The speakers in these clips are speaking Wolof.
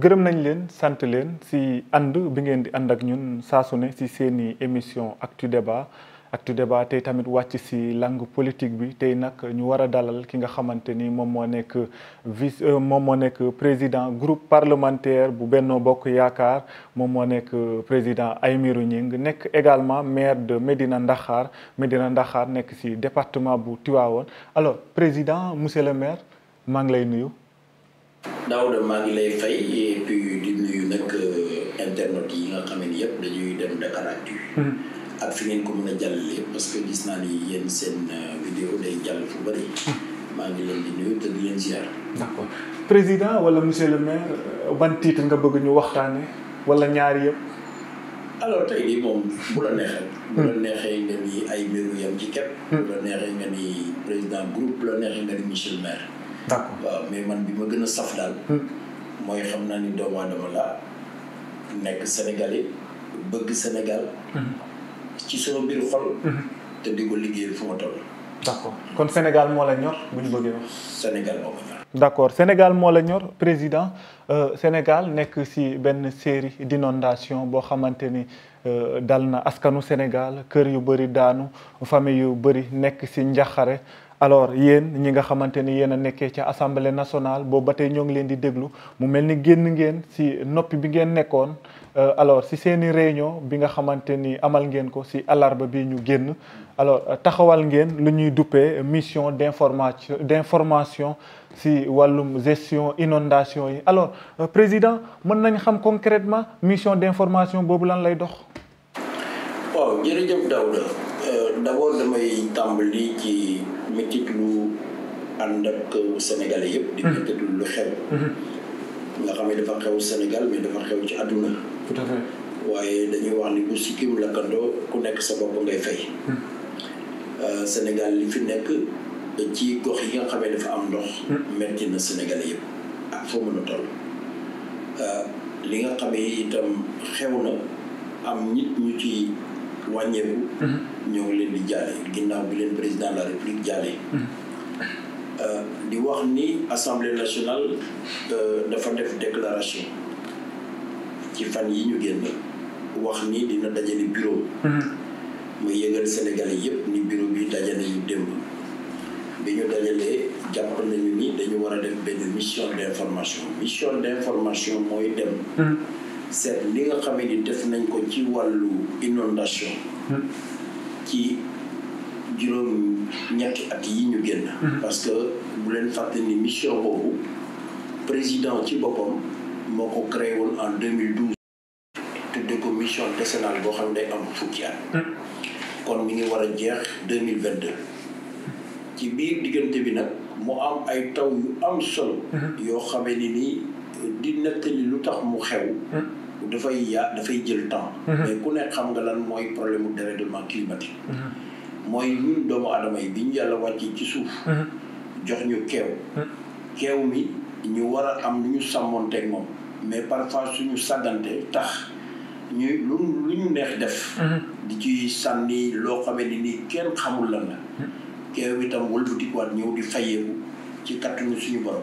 gërëm nañ leen sant leen si ànd bi ngeen di ànd ak ñun saa su ne si seen i émission Actu Débat Actu Débat tey tamit wàcc si langue politique bi tey nag ñu war dalal ki nga xamante ni moom moo nekk vice euh, moom moo président groupe parlementaire bu Benno Bokk Yaakaar moom moo nekk président Aymérou Gningue nekk également maire de Médina Ndakhar Médina Ndakhar nekk si département bu Tivaouane alors président monsieur le maire maa ngi nuyu. Daouda maa ngi lay fay et puis di nuyu nag internautes yi nga xam ne yëpp dañuy dem Dakaractu hmm. ak fi ngeen ko mën a parce que gis naa ni yéen seen euh, vidéo day jàll fu bëri hmm. maa ngi leen di nuyu te di leen ziar. président wala monsieur le maire euh, ban titre nga bëgg ñu wala ñaari yëpp. alors tey jii moom bu la neexee. Hmm. bu la neexee nga ni ay mbiru yam ci bu la nga ni président groupe la nga ni monsieur le maire. d'accord waaw mais man bi ma gën a saf daal. Hmm. mooy xam naa ni doomu aadama la nekk Sénégalais bëgg Sénégal. Hmm. ci sama biir xol. Hmm. te di ko liggéeyal fu ma toll. d'accord kon Sénégal moo la ñor bu ñu bëggee wax. Sénégal moo ko ñor. d'accord Sénégal moo la ñor président euh, Sénégal nekk ci benn série d'inondation boo xamante ni euh, dal na askanu Sénégal kër yu bëri daanu famille yu bëri nekk ci njaxare alors yéen ñi nga assemblée nationale bo ñoo di déglu mu melni génn euh, alors si seeni réunion bi nga amal si alarba bi ñu génn alors taxawal lu ñuy mission d'information d'information si gestion inondation yi alors euh, président mën nañ xam concrètement mission d'information lan lay oh, euh, d'abord damay métit lu ànd ak Sénégalais yëpp. di métit mhm. lu xew. Mhm. nga xam ne dafa xew Sénégal mais dafa xew ci àdduna. tout waaye dañuy wax ni bu sikkim lakkandoo ku nekk sa bopp ngay fay. Mhm. Euh, Sénégal li fi nekk ci gox yi nga xam dafa am ndox. metti na Sénégalais yëpp ak ah, foo mën a toll. Euh, li nga xam itam xew na am nit ñu ci wàññeeku. ñoo ngi leen di jaale ginnaaw bi leen président de la république jaale euh, di wax ni assemblée nationale euh, dafa def déclaration ci fan yi ñu génn wax ni dina dajale bureau mm-hmm. muy yëgal sénégalais yépp ni bureau bi dajale yu démb bi ñu dajalee jàpp nañu ni dañu war a def benn mission d' information mission d' information mooy dem mm-hmm. seet li nga xamee ni def nañ ko ci wàllu inondation mm-hmm. ci juróom ñetti at ñu génn mhm. parce que bu leen fàtte ni mission boobu président ci boppam moo créé woon en 2012 de commission mission décennale boo xam ne am fukki at mhm. kon mi ngi war a 2022 ci biir diggante bi nag mu am ay taw yu am solo mhm. yoo xamee ni nii di nettali lu tax mu xew dafay yaa dafay jël temps. Mhm. mais ku ne xam nga lan mooy problème mu dérèglement climatique. Mhm. mooy ñun doomu aadama yi bi ñu yàlla wàccee ci suuf. Mhm. jox ñu keew. keew mi ñu war a am lu ñu sàmmonteeg moom mais parfois suñu sàggante tax ñu lu lu ñu neex def. di ci sànni loo xamee ni nii kenn xamul lan la. keew bi wëlbatikuwaat ñëw di fayeeku ci kattanu suñu borom.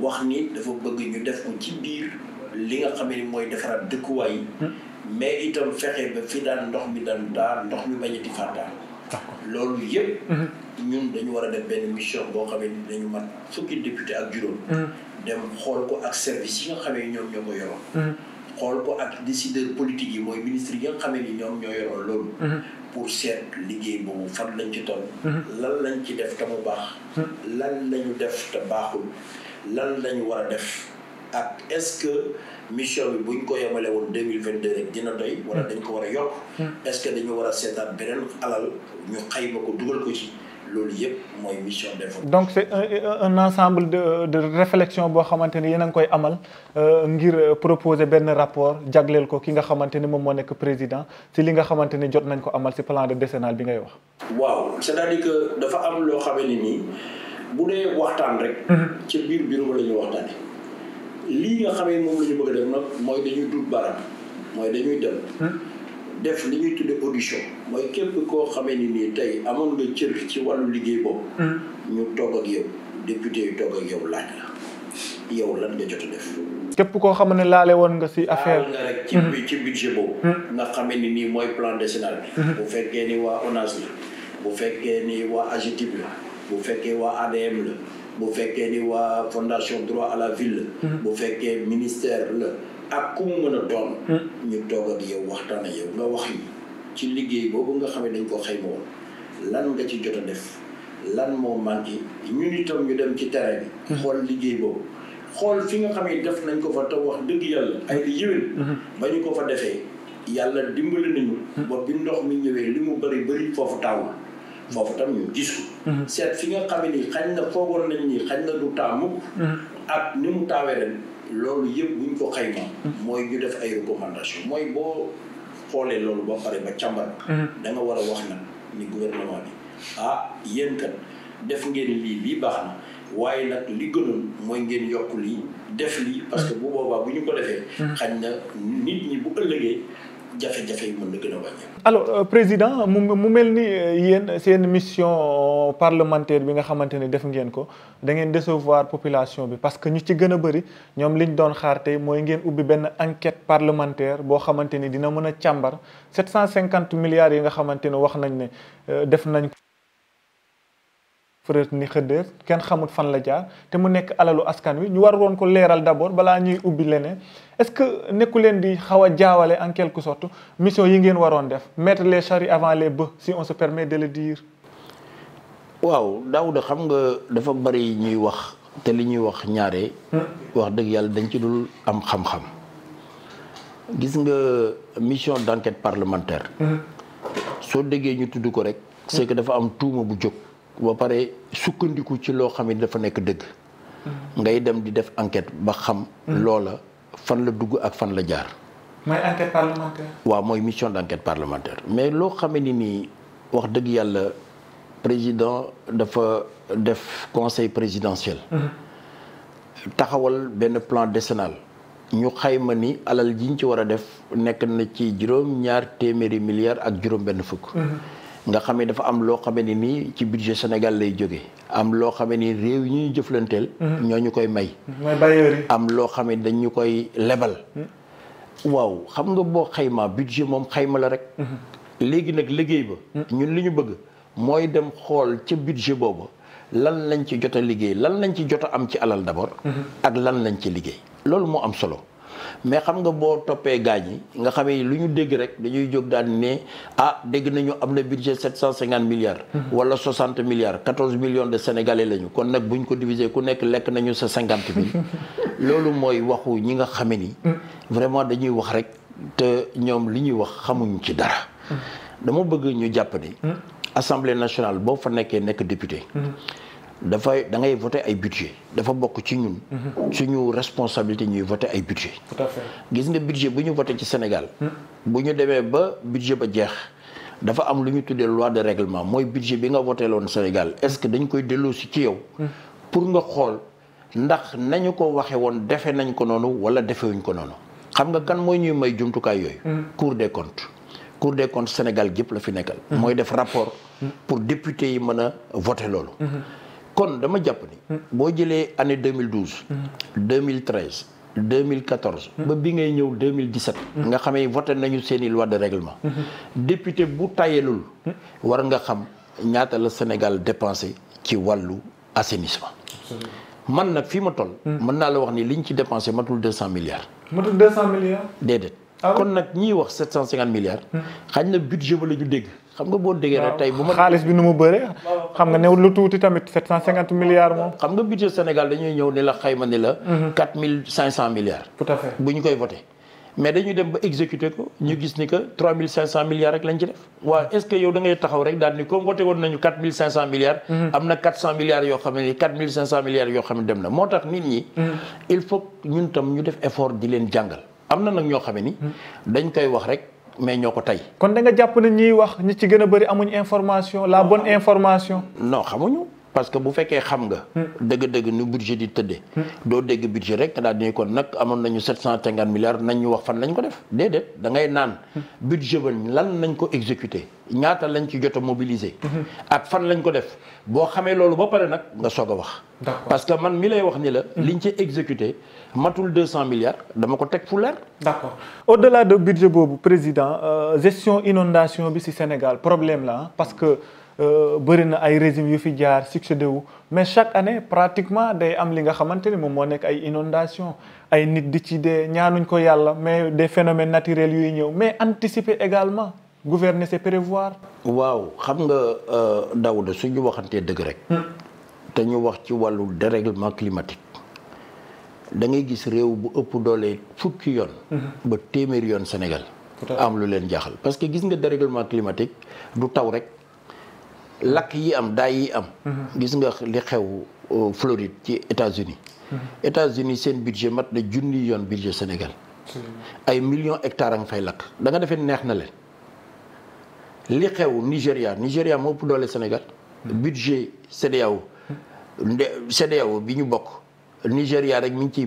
wax ni dafa bëgg ñu def ko ci biir li nga xam ne mooy defaraat dëkkuwaay yi. Hmm. mais itam fexe ba fi daal ndox mi daal daar ndox mi bañ a di fàttaal loolu yëpp. Hmm. ñun dañu war a def benn mission boo xam ni dañu mat fukki député ak juróom. Hmm. dem xool ko ak service yi nga xamee ñoo ko xool ko ak décideur politique yi mooy ministre yi nga xamee ni ñoom ñoo yoroon loolu. pour seet liggéey boobu fan lañ ci toll. lan lañ ci def te mu baax. lan lañu def te baaxul. lan lañu war a def ak est-ce que mission bi buñ ko yemale woon deux rek dina doy. wala hmm. dañ ko war a yokk. Hmm. est-ce que dañu war a seetaat beneen alal ñu xayma ko dugal ko ci. loolu yëpp mooy mission d'information. donc c'est un, un ensemble de de réflexion boo xamante ni yéen a ngi koy amal euh, ngir proposer benn rapport jagleel ko ki nga xamante ni moom moo nekk président ci li nga xamante ni jot nañ ko amal ci plan de décennal bi ngay wax. waaw c'est-à-dire que dafa am loo xamee ni nii. bu dee waxtaan rek. Mhm. ci biir bureau la ñuy waxtaanee. lii nga xamee moom la bëgg a def nag mooy dañuy dut baaraam mooy dañuy dem. Mhm. def li ñuy tuddee audition. mooy képp koo xamee ni nii tey amoon nga ci wàllu liggéey boobu. Mhm. ñu togg ak yow la yow lan nga jot a def. képp koo xam ne laale woon nga si affaire nga rek ci ci budget nga xamee ni nii mooy plan décennal bi. bu fekkee ni waa ONAS la bu fekkee ni waa AGETIP la. bu fekkee waa ADM la bu fekkee ni waa fondation droit à la ville la hmm. bu fekkee ministère la ak ku mu mën a doon hmm. ñu toog ak yow waxtaan ak yow nga wax ci liggéey boobu nga xam ne dañ ko xayma woon lan nga ci jot a def lan moo manqué ñun itam ñu dem ci terrain bi hmm. xool liggéey boobu xool fi nga xam ne def nañ ko fa te wax dëgg yàlla ay li yéwén ba ñu ko fa defee yàlla dimbali nañu ba bi ndox mi ñëwee li mu bari bëri foofu taawul foofu tam ñu mhm. seet fi nga xamee ni xañ na foogoon nañ ni xañ nga du taamu mhm. ak ni mu taawee ren loolu yëpp buñ ko xayma mhm. mooy ñu def ay recommandation mooy boo xoolee loolu ba pare ba càmbar danga war a wax nag ni gouvernement bi ah yéen kat def ngeen lii lii baax na waaye nag li gënoon mooy ngeen yokk lii def lii parce que bu boobaa bu ñu ko defee xañ na nit ñi bu ëllëgee jafe alors euh, président mu mu mel ni euh, yéen seen mission parlementaire bi nga xamante ne def ngeen ko da ngeen décevoir population bi parce que ñu ci gën a bëri ñoom liñ doon xaar tey mooy ngeen ubbi benn enquête parlementaire boo xamante ni dina mën a càmbar 750 milliards yi nga xamante ne wax nañ ne euh, def nañ ko. fërët ni xëddër kenn xamul fan la jaar te mu nek alalu askan wi ñu war woon ko leeral d'abord bala ñuy ubbi leneen est-ce que nekku di xawa jaawale en quelque sorte mission yi ngeen waroon def mettre les charrues avant les bœufs si on se permet de le dire. waaw Daouda xam nga dafa bari ñuy wax te li ñuy wax ñaare. Hmm. wax deug yalla dañ ci dul am xam-xam. gis nga mission d'enquête parlementaire. Hmm. so déggee ñu tuddu ko rek. c'est hmm. que dafa am tuuma bu jóg. ba pare sukkandiku ci loo xam ne dafa nekk dëgg. ngay dem di def enquête ba xam. loola fan la dugg ak fan la jaar. mooy waaw mooy mission d' enquête parlementaire mais loo xam ni nii wax dëgg yàlla président dafa def conseil présidentiel. Mm-hmm. taxawal benn plan décennal. ñu xayma ni alal ji ñu ci war a def nekk na ci juróom ñaar téeméeri milliards ak juróom benn fukk. Mm-hmm. nga xam ne dafa am loo xamee ne nii ci budget Sénégal lay jóge am loo xamee ni réew yi ñuy jëflanteel. Mm-hmm. ñoo ñu koy may. am loo xam ne dañ ñu koy lebal. Mm-hmm. waaw xam nga boo xaymaa budget moom xayma la rek. Mm-hmm. léegi nag liggéey ba. ñun li ñu bëgg mooy dem xool ca budget boobu lan lañ ci jot a liggéey lan lañ ci jot a am ci alal d'abord. ak lan lañ ci liggéey. loolu moo am solo. mais xam nga boo toppee gaa yi nga xamee lu ñu dégg rek dañuy jóg daan ne ah dégg nañu am na budget sept cent cinquante milliards mhm. wala soixante milliards quatorze millions de sénégalais lañu kon nag ñu ko diviser ku nekk lekk nañu sa cinquante mille loolu mooy waxu ñi nga xame ni mm. vraiment dañuy wax rek te ñoom li ñuy wax xamuñu ci dara mm. dama bëgg ñu jàpp ni mm. assemblée nationale boo fa nekkee nekk député dafay da ngay voté ay budget dafa bokk ci ñun. Mhm. suñu responsabilité ñuy voté ay budget gis nga budget bu ñu voté ci Sénégal. Hmm. bu ñu demee ba budget ba jeex. dafa am lu ñu tuddee loi de réglement mooy budget bi nga voté loon Sénégal est-ce que dañ koy delloo si ci yow. Hmm. pour nga xool ndax nañu ko waxe woon defee nañ ko noonu wala defewuñ ko noonu. xam nga kan mooy ñuy may jumtukaay yooyu. Hmm. Cour des comptes. Cour des comptes Sénégal gépp la fi nekkal. mooy def rapport. pour député yi mën a voté loolu. kon dama jàpp ni. Hmm. boo jëlee année 2012. 2013. 2014. ba bi ngay ñëw 2017. Hmm. nga xamee voté nañu seeni loi de règlement. Hmm. député bu tayelul war nga xam le Sénégal dépense ci walu assainissement. man na fi ma toll. mën naa la wax ni liñ ci dépensé matul 200 milliards. matul 200 milliards. Dedet. Ah kon nak ñiy wax 750 milliards. xañ na budget ba la ñu xam nga xaalis bi nu mu bëree xam nga new lu tuuti tamit milliards moom xam nga budget Sénégal dañuy ñëw ni la xayma ni la mhm. quatre mille cinq cent milliards bu ñu koy voté mais dañuy dem ba exécuter ko ñu gis ni que trois mille cinq cent milliards rek lañ ci def waaw est ce que yow da taxaw rek daal ni comme voté woon nañu quatre mille cinq cent milliards mhm. am na quatre cinq milliards yoo xam ne dem na moo tax nit ñi mhm. il faut ñun tam ñu def effort di leen mais ñoo ko tey. kon da nga jàpp ne ñiy wax ñi ci gën a bëri amuñ information la bon information. non xamuñu. parce que bu fekkee xam nga. Hmm. dëgg-dëgg nu budget di tëddee. Hmm. doo dégg budget rek da di kon nak amoon nañu 750 milliards nañu wax fan lañ ko def dedet da ngay nan hmm. budget ban lan lañ ko exécuté ñaata lañ ci jot mobiliser mobilisé. ak fan lañ ko def bo xamé lolu ba paré nak nga soog wax. parce que man mi lay wax ni la. liñ ci exécuter matul 200 milliards dama ko tek fu leer. d'accord au delà de budget bobu président euh, gestion inondation bi ci Sénégal problème là, hein, parce que. Euh, bëri na ay régime yu fi jaar succédé wu mais chaque année pratiquement day am li nga xamante ni moom moo nekk ay inondation ay nit di ci dee ñaanuñ ko yàlla mais des phénomènes naturels yuy ñëw mais anticiper également gouverner c'est prévoir. waaw xam nga euh, Daouda suñu waxantee dëgg rek. Hmm. te ñu wax ci wàllu dérèglement climatique da ngay gis réew bu ëpp doole fukki yoon. Hmm. ba téeméeri yoon Sénégal. am lu leen jaaxal parce que gis nga dérèglement climatique du taw rek lakk am day yi am. gis nga li xew euh, Floride États-Unis États-Unis sen budget mat na de yon budget Sénégal. ay millions hectares ang fay lak da nga defee neex na li xew Nigeria Sénégal. budget CDAO CDAO le bok Nigeria rek mi ngi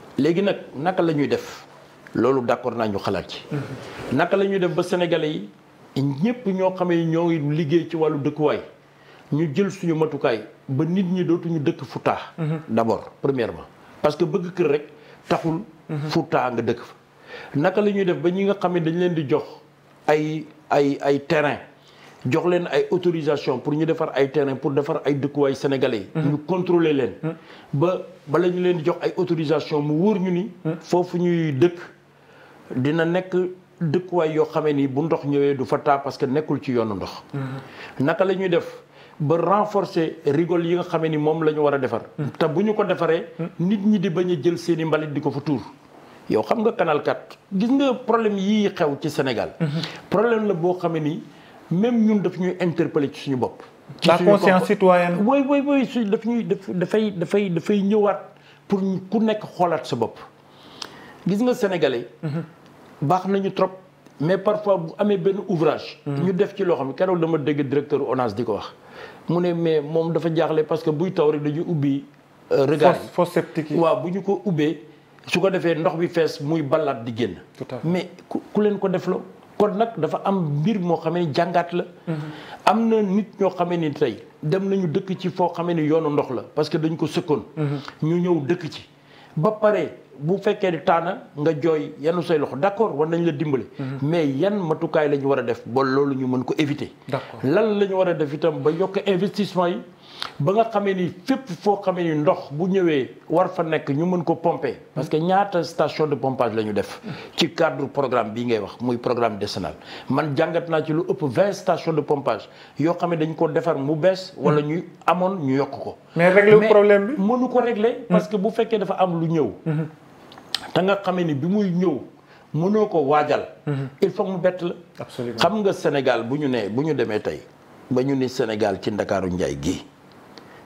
léegi nag naka la ñuy def loolu d'accord naa ñu xalaat ci. Mm-hmm. naka lañuy def ba sénégalais yi ñëpp ñoo xamee ñoo ngi liggéey ci wàllu dëkkuwaay ñu jël suñu matukaay ba nit ñi dootuñu dëkk fu taax. Mm-hmm. d'abord premièrement parce que bëgg kër rek taxul. Mm-hmm. fu nga dëkk fa. naka la ñuy def ba ñi nga xam ne dañ leen di jox ay ay ay terrain. jox leen ay autorisation pour ñu defar ay terrain pour defar ay dëkkuwaay sénégalais yi ñu contrôler leen ba bala ñu leen di jox ay autorisation mu wóor ñu ni foofu ñuy dëkk dina nekk dëkkuwaay yoo xamee ni bu ndox ñëwee du fa taa parce que nekkul ci yoonu ndox naka la ñuy def ba renforcer rigole yi nga xamee ni moom la ñu war a defar te bu ñu ko defaree nit ñi di bañ a jël seen i mbalit di ko fa tuur yow xam nga canal 4 gis nga problème yii xew ci Sénégal mhm. problème même nous, daf interpeller la conscience citoyenne. oui oui oui de ñuy pour nous nekk sa les gis nga sénégalais. Mhm. trop mais parfois bu ont ben ouvrage. Mhm. ñu def ci xam ne directeur on a wax. Mon mais de dafa parce que vous euh, regard sceptique. vous ko vous su ko mais kon nag dafa am mbir moo xamee ni jàngaat la. Mm-hmm. am na nit ñoo xamee ni tey dem nañu dëkk ci foo xamee ni yoonu ndox la parce que dañ ko sëkkoon. Mm-hmm. ñu ñëw dëkk ci ba pare. bu fekkee ni taana nga jooy yanu say loxo d'accord war nañ la dimbali. Mm-hmm. mais yan matukaay la ñu war a def ba loolu ñu mën ko éviter. d'accord lan la war a def itam ba yokk investissement yi. ba nga xamee ni fépp foo xamee ni ndox bu ñëwee war fa nekk ñu mën ko pompe parce que ñaata station de pompage la ñu def. ci cadre programme bii ngay wax muy programme décennal man jàngat naa ci lu ëpp vingt station de pompage yoo xam ne dañ ko defar mu bees. wala hmm. ñu amoon ñu yokk ko. mais régler problème bi mënu ko régler. Hmm. parce que bu fekkee dafa am lu ñëw. Hmm. nga xamee ni bi muy ñëw. mënoo ko waajal. il faut mu bett la. absolument xam nga Sénégal bu ñu nee bu ñu demee tey ba ñu ni Sénégal ci Ndakaaru Njaay gi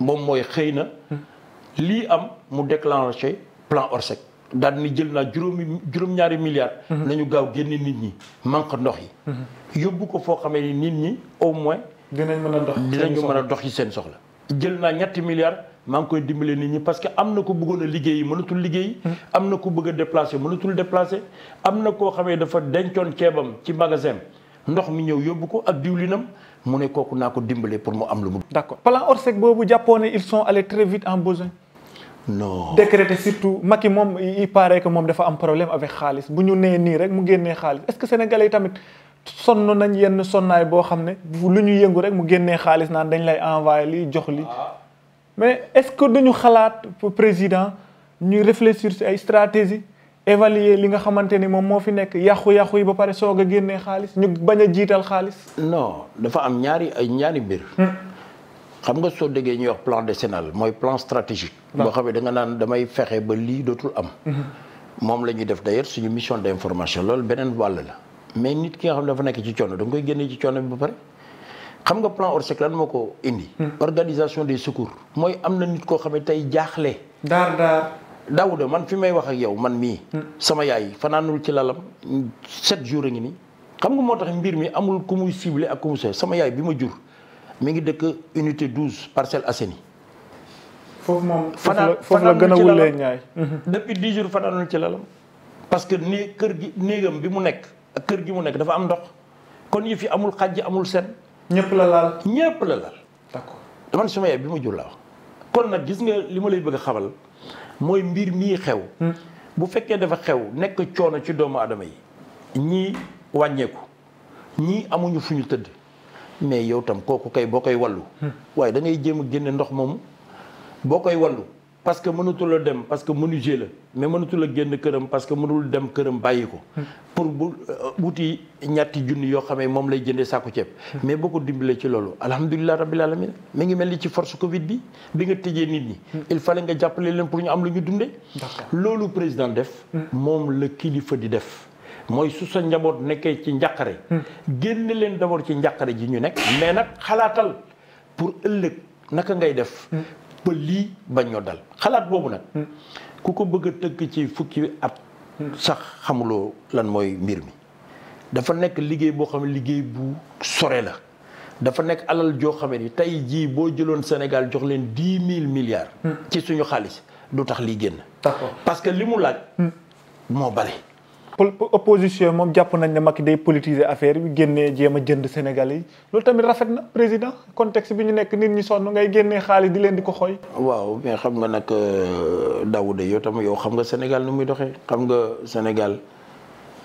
moom mooy xëy na lii am mu déclenché plan Orsec daal ni jël naa juróomi juróom-ñaari milliards. Mhm. nañu gaaw génne nit ñi manque ndox yi. Mhm. yóbbu ko foo xamee ni nit ñi au moins. dinañ mën a dox dinañu mën a dox yi seen soxla. jël naa ñetti milliards maa ngi koy dimbale nit ñi parce que am na ko bëggoon liggéey liggéeyi mënatul liggéey. Mhm. am na ko bëgg a déplacé mënatul déplacé. am na koo xamee dafa dencoon ceebam ci magasin ndox mi ñëw yóbbu ko ak diwlinam Je ne pas pour plan Orsec ils sont allés très vite en besoin. non décrété surtout il paraît que mom dafa am problème avec Khalis. buñu sommes ni rek mu est ce que sénégalais tamit yenn rek ah. mais est ce que duñu le président ñu réfléchir sur ay stratégie évaluer li nga xamante ni moom moo fi nekk yàqu-yàqu yi ba pare soog a génnee xaalis ñu bañ a jiital xaalis. non dafa am ñaari ay ñaari mbir. Hmm. xam nga soo déggee ñuy wax plan décennal mooy plan stratégique. boo xam ne da nga naan damay fexe ba lii dootul am. Hmm. moom la ñuy def d'ailleurs suñu mission d'information loolu beneen wàll la mais nit ki nga xam ne dafa nekk ci coono da nga koy génne ci coono bi ba pare xam nga plan Orsec lan moo ko indi. Hmm. organisation de secours. mooy am na nit koo xam ne tey jaaxle. daar daar. Daouda man fi may wax ak yow man mii. Hmm. sama yaay fanaanul ci lalam sept jour a ngi nii. xam nga moo tax mbir mi amul ku muy ciblé ak ku mu so sama yaay bi ma jur mi ngi dëkk unité douse Parcelles Assainies. foofu moom foofu la gën a wulee ñaay depuis 10 jours fanaanul ci lalam. parce que ni kër gi néegam bi mu nekk ak kër gi mu nekk dafa am ndox kon yëf fi amul xaj amul seen. ñëpp la laal ñëpp la laal. man sama yaay bi ma jur laa wax kon nag gis nga li ma lay bëgg a xamal. mooy mbir mii xew. Hmm. bu fekkee dafa xew nekk coono ci doomu adama yi. ñii wàññeeku ñii amuñu fu ñu tëdd mais yow tam kooku kay boo koy wallu. Hmm. waaye da jéem a génne ndox moomu boo koy wallu. parce que mënatul a dem parce que menuisier la mais mënatul a génn këram parce que mënul dem këram bàyyi ko. pour bu euh, wuti ñetti junni yoo xamee moom lay jëndee saako ceeb. mais boo ko dimbalee ci loolu alhamdulilah rabbil alamin mi ngi mel ni ci force Covid bi bi nga tëjee nit ñi. il fallait nga jàppale leen pour ñu am lu ñu dundee. loolu président def. moom la kilifa di def. mooy su sa njaboot nekkee ci njàqare. génn leen d'abord ci njàqare ji ñu nekk. mais nag xalaatal pour ëllëg naka ngay def. ba lii bañ ñoo dal xalaat boobu nag hmm. ku ko bëgg a tëgg ci fukki at hmm. sax xamuloo lan mooy mbir mi dafa nekk liggéey boo xam ne liggéey bu sore la dafa nekk alal joo xam ne tey jii boo jëloon Sénégal jox leen dix mille milliards hmm. ci suñu xaalis du tax lii génn d'accord li mu laaj moo bari opposition moom jàpp nañ ne Macky day politiser affaire bi génnee jéem a jënd Sénégal yi loolu tamit rafet na président contexte bi ñu nekk nit ñi sonn ngay génnee xaalis di leen di ko xooy waaw mais xam nga nag euh, Daouda yoo tam yow xam nga Sénégal nu muy doxee xam nga Sénégal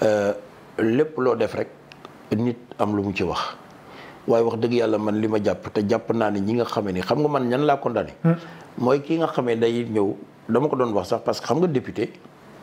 euh, lépp loo def rek nit am lu mu ci wax waaye wax dëgg yàlla man li ma jàpp te jàpp naa ne ñi nga xamee ni xam nga man ñan laa condamné hmm. mooy ki nga xamee day ñëw dama ko doon wax sax parce que xam nga député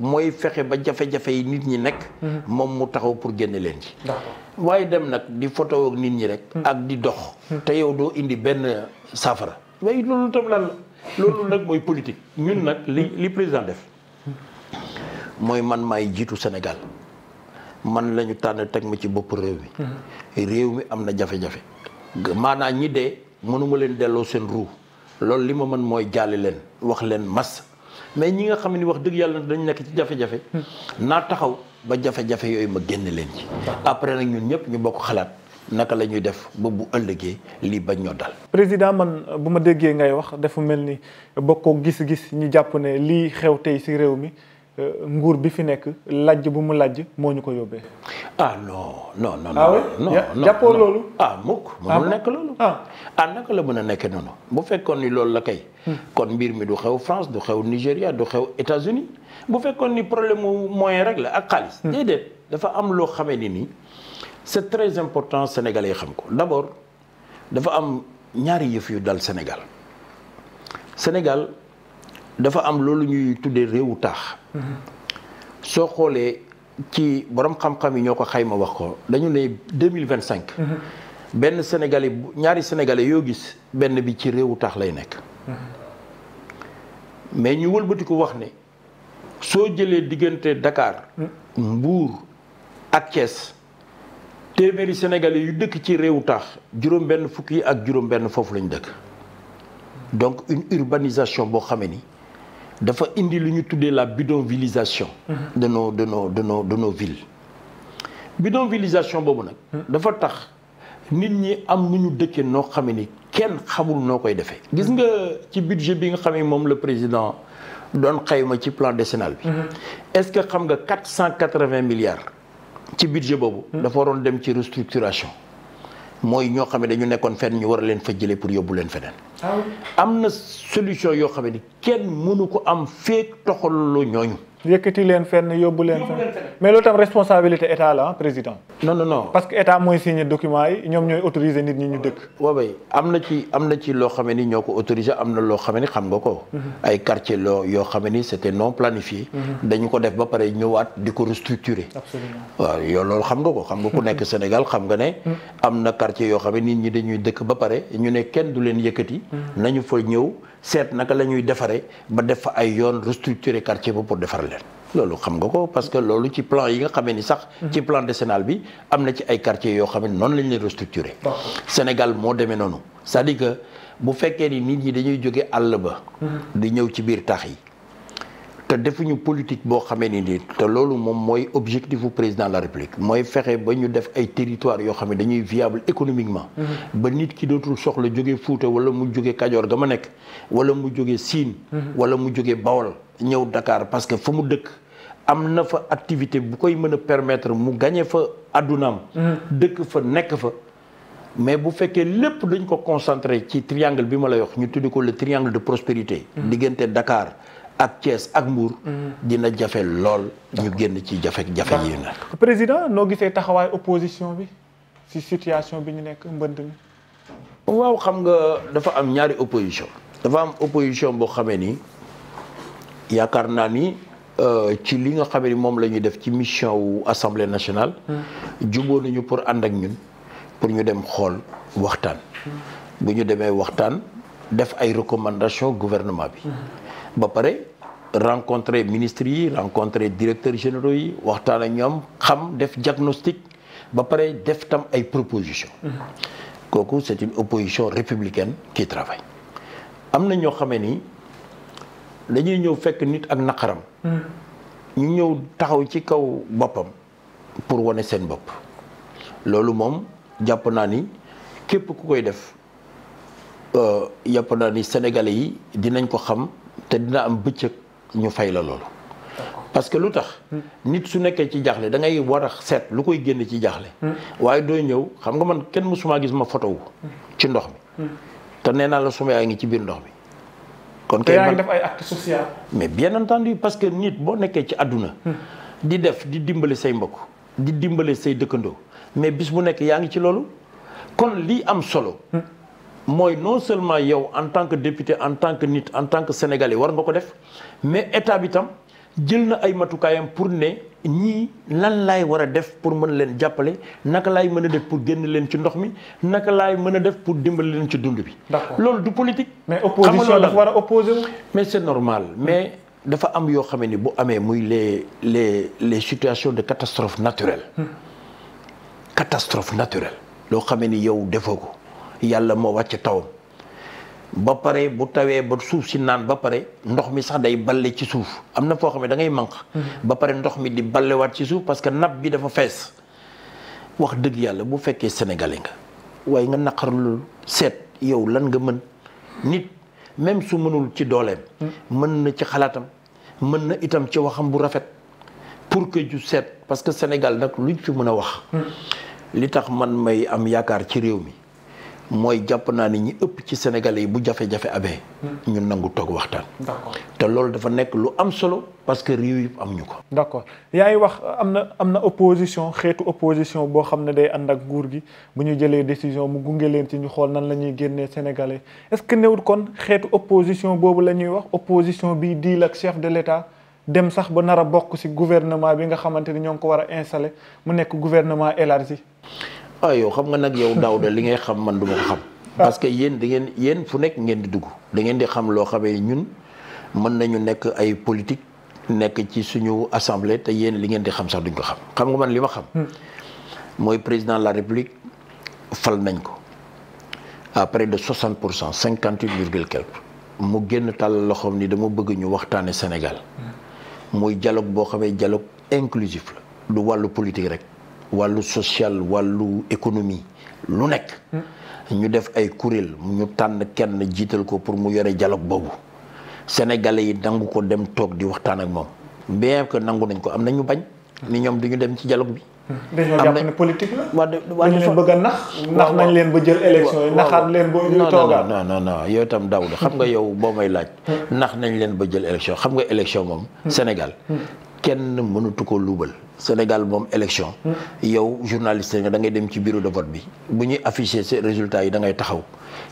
mooy fexe ba jafe-jafe yi nit ñi nekk. Mhm. moom mu taxaw pour génne leen ci. waaye dem nag di photo ak nit ñi rek. Mhm. ak di dox. Mhm. te yow doo indi benn saafara. waaye loolu tam lan la loolu nag mooy politique ñun nag li li président def mooy man maay jiitu senegal man lañu tànn teg ma ci bopp réew mi. réew mi am na jafe-jafe. maanaam ñi de mënuma leen delloo seen ruu loolu li ma mën mooy jaale leen wax leen mas. mais ñi nga xam ni wax dëgg yàlla dañ nekk ci jafe-jafe naa taxaw ba jafe-jafe yooyu ma génn leen ci après nag ñun ñëpp ñu bokk xalaat naka la ñuy def ba bu ëllëgee lii bañ ñoo dal. président man bu ma déggee ngay wax dafa mel ni bokkoo gis-gis ñu jàpp ne lii xew tey si réew mi Euh, nguur bi fi nek lajj bu mu lajj moñu ko yobé ah non non non. ah oui non jàppoo loolu. ah mo mënul nek lolu ah, ah. ah nak la meuna nek non bu fekkone ni lolu la kay. Hmm. kon mbir mi du xew France du xew nigeria du xew États-Unis bu fekkone ni problème mu moyen rek la ak xaalis. Hmm. déedéet dafa am lo xamé ni c'est très important sénégalais xam ko d'abord dafa am ñaari yef yu dal Sénégal Sénégal dafa am loolu ñuy tuddee réewu tax so xolé ci borom xam-xam yi ñoo xayma wax ko dañu ne 2025 ben sénégalais ñaari sénégalais yo gis ben bi ci réewu tax lay nek mais ñu wëlbati ko wax ne so jëlé digënté Dakar Mbour ak Thiès téeméeri sénégalais yu dëkk ci réewu tax juroom ben fukki ak juroom ben fofu lañ dëkk donc une urbanisation bo xamé ni dafa indi lu ñu tuddee la bidonvillisation mhm. de nos de nos de nos de nos villes bidonvillisation boobu nag mhm. dafa tax nit ñi am nu ñu dëkkee noo xamee ni kenn xamul noo koy defee gis mhm. nga ci budget bi nga xam ne le président doon xayma ci plan décennal bi est-ce que xam nga quatre cent quatre-vingts milliards ci budget boobu dafa waroon dem ci restructuration mooy ñoo xam ne dañu nekkoon fenn ñu war a leen fa pour yóbbu leen feneen. Ah am na solution yoo xam ne kenn mënu ko am feek toxalu ñooñu. yëkëti leen fenn yóbbu leen fenn mais loolu tam responsabilité état la hein, président. non non non parce que état mooy signé document yi ñoom ñooy autorisé nit ñi ñu dëkk. waaway am na ci am na ci loo xam ni ñoo ko autorisé am na loo xam ne xam nga ko. Mhm. ay quartier loo yoo xam ni c' était non planifié. Mhm. dañu ko def ba pare ñëwaat di ko restructurer. absolument waaw yow loolu xam nga ko xam nga ku nekk Sénégal xam nga ne. Mhm. am na quartier yoo xam nit ñi dañuy dëkk ba pare ñu ne kenn du leen yëkkati. nañu fa ñëw. Certes, nous la défaré, restructurer quartier pour défaire. leen. parce que loolu ci plan yi nga xamee ni plan de bi Il ci ay quartiers qui ne Sénégal est c'est-à-dire que bu nous ni nit gens dañuy faire àll ba. Mm-hmm. di ñëw te defuñu politique boo xamee ni nii te loolu moom moi objectif du président de la république mooy faire ba ñu def ay territoire yo xam viable économiquement. Mhm. ba nit ki dootul le jóge Fuuta wala mu jóge Kajoor ga ma nekk wala mu jóge Siin. Mhm. wala mu jóge Bawol au Dakar parce que fa mu dëkk. am na fa activité bu koy mën permettre mu gagner fa adunam mhm. dëkk fa nek, fa mais bu que lépp dañ ko concentré ci triangle bi ma lay wax ñu le triangle de prospérité diggante Dakar ak Thiès ak Mbour. Mm-hmm. dina jafe lool ñu génn ci jafe-jafe yi nag. président noo gisee taxawaay opposition bi ci situation bi ñu nekk mbënd mi. waaw xam nga dafa am ñaari opposition. dafa am opposition boo xamee ni yaakaar naa ni euh, ci li nga xamee ni moom la ñuy def ci mission wu assemblée nationale. Mm-hmm. juboo nañu pour ànd ak ñun pour ñu dem xool waxtaan. Mm-hmm. bu ñu demee waxtaan def ay recommandations gouvernement bi. ba rencontrer ministres rencontrer directeur général, yi waxtaan ak xam def diagnostic ba pare def tam ay propositions. kooku c'est une opposition républicaine qui travaille. Amna na ñoo xamee ni dañuy ñëw fekk nit ak naqaram. ñu ñëw bapam ci kaw pour wane Sen bopp loolu japonani, jàpp naa ni képp def euh, sénégalais yi ko xam. te dina am bëccëg ñu fay la loolu. parce que lu tax. nit su nekkee ci jaxle da ngay war a seet lu koy génn ci jaxle waaye dooy ñëw xam nga man kenn mësuma gis ma photo ci ndox mi. te nee naa la suma yaa ngi ci biir ndox mi. kon kay man def ay acte social. mais bien entendu parce que nit boo nekkee ci àdduna. di def di dimbali say mbokk. di dimbale say dëkkandoo mais bis bu nekk yaa ngi ci loolu kon lii am solo. moy non seulement yow en tant que député en tant que nit en tant que sénégalais war nga ko def mais état bi tam jël na ay matukayam pour ne ni lan lay wara def pour mën leen jappalé naka lay mën def pour génn leen ci ndox mi naka lay mën def pour dimbal leen ci dund bi. d'accord du politique. mais opposition dafa wara opposer mais c'est normal mais dafa am yo xamé ni bu amé muy les les les situations de catastrophe naturelle. Hmm. catastrophe naturelle. lo xamé ni yow defoo ko. yàlla moo wàcc tawam ba pare bu tawee ba suuf si naan ba pare ndox mi sax day balle ci suuf am na foo xam ne da manq mm-hmm. ba pare ndox mi di ballewaat ci suuf parce que napp bi dafa fees wax dëgg yàlla bu fekkee sénégalais nga waaye nga naqar lu seet yow lan nga mën nit même su mënul ci dooleem mm-hmm. mën na ci xalaatam mën na itam ci waxam bu rafet pour que ju seet parce que Sénégal nag luñ fi mën a wax mm-hmm. li tax man may am yaakaar ci réew mi mooy jàpp naa ni ñi ëpp ci Sénégalais yi bu jafe-jafe abee ñu nangu toog waxtaan te loolu dafa nekk lu am solo parce que réew yëpp am ko d'accord yaa ngi wax am na am na opposition xeetu opposition boo xam ne day ànd ak nguur gi bu ñu jëlee décision mu gunge leen ci ñu xool nan la ñuy génnee Sénégalais est-ce que newut kon xeetu opposition boobu la ñuy wax opposition bii diil ak chef de l'État dem sax ba nar a bokk ci gouvernement bi nga xamante ni ñoo ngi ko war a installer mu nekk gouvernement élargi ah yow xam nga nag yow Daouda li ngay xam man du ma ko xam. Ah. parce que yéen da ngeen yéen fu nekk ngeen di dugg dangeen di xam loo xamee ñun mën nañu nekk ay politique nekk ci suñu assemblée te yéen li ngeen di xam sax duñ ko xam xam nga man li ma xam. Hmm. mooy président de la république fal nañ ko à près de 60 pour cent 58 virgule quelque mu génn tàll loxoom ni dama bëgg ñu waxtaane Sénégal mooy hmm. dialogue boo xamee dialogue inclusif la du wàllu politique rek. wàllu social lu économie lu nekk. Hmm. ñu def ay kuréel ñu tànn kenn jiital ko pour mu yore dialogue boobu sénégalais yi nangu ko dem toog di waxtaan ak moom bien que nangu nañ ko am na ñu bañ. ni ñoom du ñu dem ci dialogue bi. dañoo hmm. jàpp ne politique la. waa dañu leen bëgg a nax. nax nañ leen ba jël élection yow itam daw xam nga yow boo may laaj. Hmm. nax nañ leen ba jël élection xam nga élection moom. Sénégal kenn mënatu ko luubal. Sénégal mom élection. Hmm. yow journaliste nga da ngay dem ci bureau de vote bi buñu afficher ces résultats yi da ngay taxaw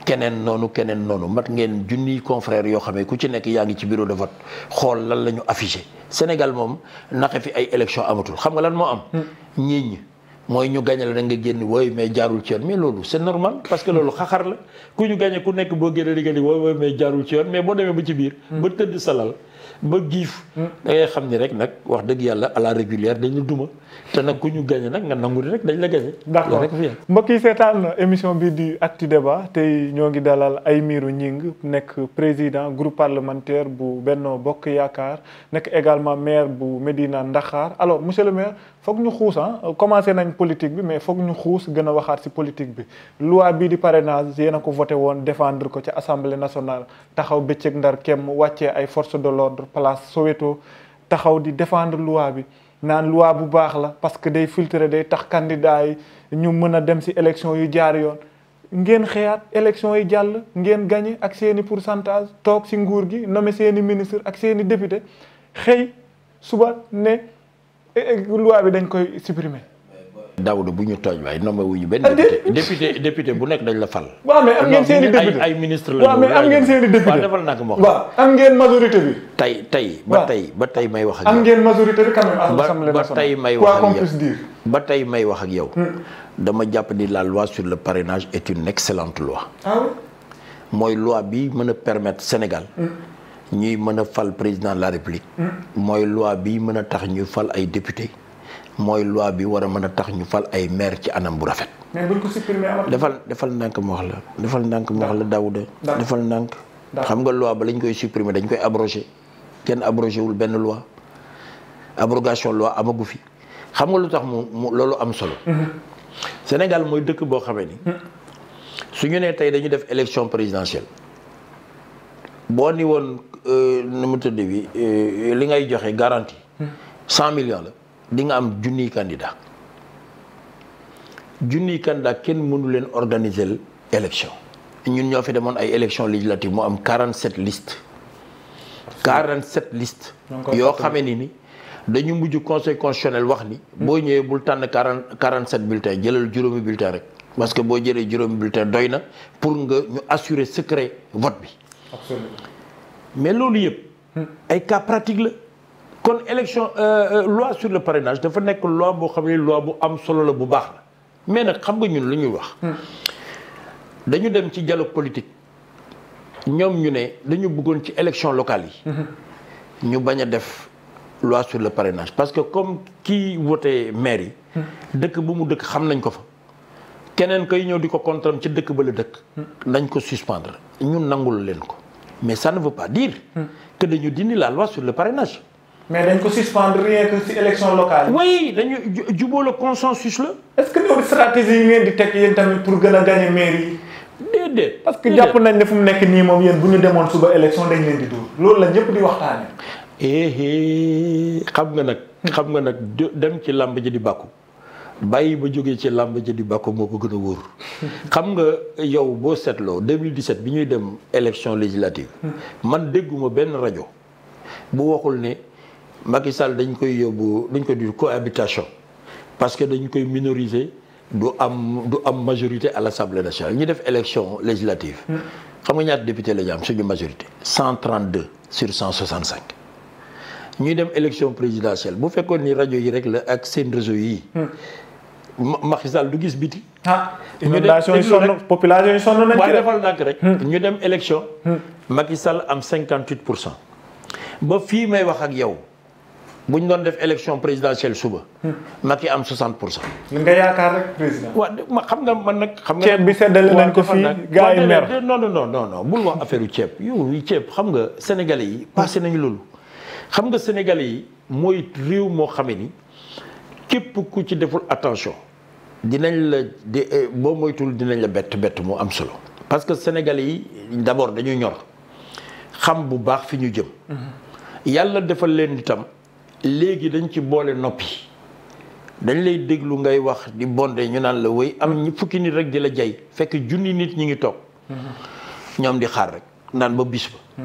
kenen noonu kenen noonu mat ngeen junniy confrères yo xamé ku ci nek yaangi ci bureau de vote xol lan lañu afficher Sénégal mom naxe fi ay élection amatul xam nga lan mo am. Hmm. ñiñ moy ñu gañal da nga génn woy mais jarul ci yoon mais loolu c'est normal parce que loolu xaxar la ku ñu gañe ku nek bo génnee di nga woy woy mais jarul ci yoon mais bo demee ba ci bir hmm. ba teud salal ba giif hmm. da xam ni rek nag wax dëgg yàlla à la régulière dañ duma te nag ku ñu gagné nag nga nangu rek dañ la gagné. d'accord mbokk yi seetaan na émission bii di Actu Débat tey ñoo ngi dalal ay Aymérou Gningue nekk président groupe parlementaire bu benn Bokk Yaakaar nekk également maire bu Médina Ndaxaar alors monsieur le maire foog ñu xuus ah commencé nañ politique bi mais foog ñu xuus gën a waxaat si politique bi loi bii di parrainage yéen a ko voté woon défendre ko ci assemblée nationale taxaw bëccëg ndar kem wàccee ay forces de l'ordre place Soweto taxaw di défendre loi bi nan loi bu bax la parce que day filtrer day tax candidat yi ñu mëna dem ci élection yu jaar yoon ngeen xëyaat élection yi jall ngeen gagner ak seeni pourcentage tok ci nguur gi nommé seeni ministre ak seeni député xey suba ne eh, eh, loi bi dañ koy supprimer Daouda buñu togn tooñ waaye nommé wu ñu benn. Ah, député député bu nek dañ la fal. wa mais am ngeen seen député ay ministre la. waaw mais am ngeen seen député wa defal nak mo moom. waaw am ngeen majorité bi. tay tay ba tay ba tay may wax ak am ngeen majorité bi quand même. assemblée nationale ba tay may wax ak yow ba tay may wax ak yow. dama japp ni la loi sur le parrainage est une excellente loi. ah oui moy loi bi meuna permettre Sénégal. Hmm. ñuy meuna fal président de la République. moy hmm. loi bi meuna tax ñuy fal ay député. mooy loi bi war a mën a tax ñu fal ay maire ci anam bu rafet. mais defal defal ndànk ma wax la. defal ndànk ma wax la Daouda. defal ndànk. xam nga loi ba lañ koy supprimer dañ koy abrogé kenn abrogé wul benn loi abrogation loi amagu fi xam nga lu tax mu loolu am solo. Mhm. Sénégal mooy dëkk boo xamee ni. Mhm. su ñu nee tey dañu def élection présidentielle boo ni woon euh, nu mu tëdd bi euh, li ngay joxe garantie. Mhm. cent million la. di nga am junniy candidat junniy candidat kenn mënu leen organiser élection ñun ñoo fi demoon ay élection législative mu am 47 listes. 47 listes. yoo xamee ni ni dañu mujj conseil constitutionnel wax ni. boo ñëwee bul tànn 40 47 bulletins jëlal juróomi bulletin rek parce que boo jëlee juróomi bulletin doy na pour nga ñu assurer secret vote bi. absolument mais loolu yëpp. Hmm. ay cas pratique la. kon élection euh, euh, loi sur le parrainage dafa nek loi boo loi am solo la bu baax la mais nak xam nga ñun lu wax. Hmm. dañu dem dialogue politique ñom ñu né dañu élection locale yi. Hmm. ñu loi sur le parrainage parce que comme qui votait mairie, hmm. dëkk bu mu dëkk xam nañ ko fa. keneen koy ñëw di ko contre ci dëkk ba la dëkk. ko suspendre ñun nangul leen mais ça ne veut pas dire. que dañu dindi la loi sur le parrainage. mais dañ ko suspendre rien que ci élection locale. oui dañu jubóo la consensus la. est-ce que loolu stratégie yi ngeen di teg yéen tamit pour gën a gagner mairie yi. déedéet parce que jàpp nañ ne fu mu nekk nii moom yéen bu ñu demoon suba élection dañ leen di dóor loolu la ñëpp di waxtaanee. Eh, eh, xam nga nag. xam nga nag dem ci làmb ji di bàkku bàyyi ba jógee ci làmb ji di bàkku moo ko gën a wóor. xam nga yow boo seetloo 2017 bi ñuy dem élection législative. Hmm. man dégguma benn rajo bu Macky Sall dañ koy yobbu dañ koy di cohabitation parce que dañ koy minoriser du am du am majorité à l'Assemblée nationale ñu def élection législative. Mm. xam nga ñaata député la ñu am suñu majorité. 132 sur 165. Nous dem élection présidentielle bu fekkone ni rajo yi rek la ak seen réseau yi. Mm. Macky du gis biti. ah inondation yi population yi sonn nañ ci defal rek. Mm. ñu dem élection. Macky Sall am 58 pour ba fi may wax ak yow. bu ñu doon def élection présidentielle suba. ma Macky am 60 pour nga yaakaar rek président. waaw ma xam nga man nag. xam nga ceeb bi seddale nañ ko fii gars yi mer non non non non bul wax affaire yu ceeb yow yi ceeb xam nga sénégalais yi passé nañu loolu. xam nga sénégalais yi mooy réew moo xamee ni képp ku ci deful attention dinañ la di eh, boo moytuwul dinañ la bett bett mu am solo. parce que sénégalais yi d'abord dañu ñor xam bu baax fi ñu jëm. Mm-hmm. yàlla defal leen itam. léegi dañ ci boole noppi dañ lay déglu ngay wax di bonde ñu naan la wéy am ñu fukki nit rek di la jay fekk junni nit ñi ngi toog ñoom di xaar rek naan ba bis ba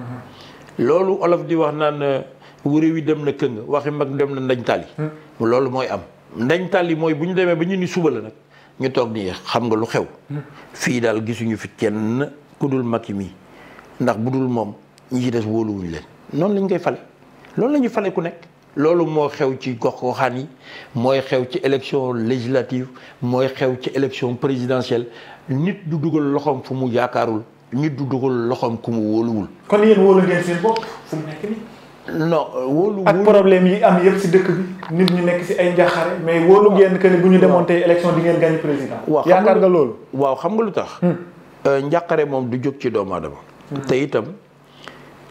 loolu olof di wax naan wuré wi dem na këng waxi mag dem na ndañ yi loolu mooy am ndañ yi mooy bu ñu demee ba ñu ni suba la nag ñu toog nii xam nga lu xew fii daal gisuñu fi kenn ku dul mag mi ndax bu dul moom ñi ci des wóoluwuñu leen noonu lañ koy fale loolu la ñuy ku nekk C'est mo xew ci gox xani moy xew ci élection législative moy xew ci élection présidentielle nit du loxom fu mu nit du loxom kumu kon yeen ngeen seen que fu non ak problème yi am yépp le dëkk bi nit ñu nekk est ay mais wóolu ngeen que ni bu ñu élection di président. yakar nga waaw xam nga lutax mom hmm. euh, du ci doom adam hmm. te itam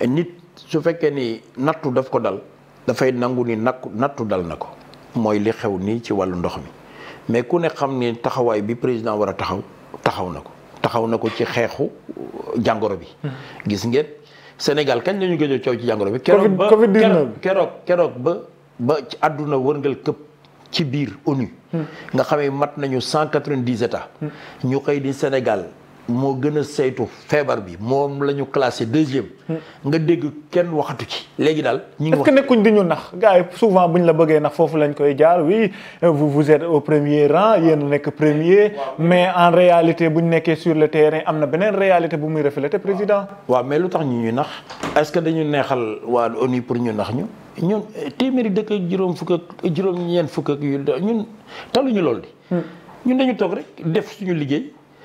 nit su ni dafay nangu ni nakku nattu dal na ko mooy li xew nii ci wàllu ndox mi mais ku ne xam ni taxawaay bi président war a taxaw taxaw na ko taxaw na ko ci xeexu euh, jàngoro bi. Hmm. gis ngeen Sénégal kañ la ñu gëj a coow ci jàngoro bi. keroog ba keroog keroog ba ba ci àdduna wërngal këpp ci biir ONU. Hmm. nga xamee mat nañu cent quatre-vingt-dix états. Hmm. ñu xëy di Sénégal. C'est gën ça bi la classé deuxième. nga dégg kenn waxatu ci. wax est que gars souvent vous vous êtes au premier rang yéen nekk premier. mais en réalité vous vous êtes sur le terrain amna benen réalité bu muy refléter président. wa mais lu ñi ñu nax est ce que dañu neexal wa pour ñu nax ñu. ñun ak ak ñun taluñu hmm. ñun dañu rek def suñu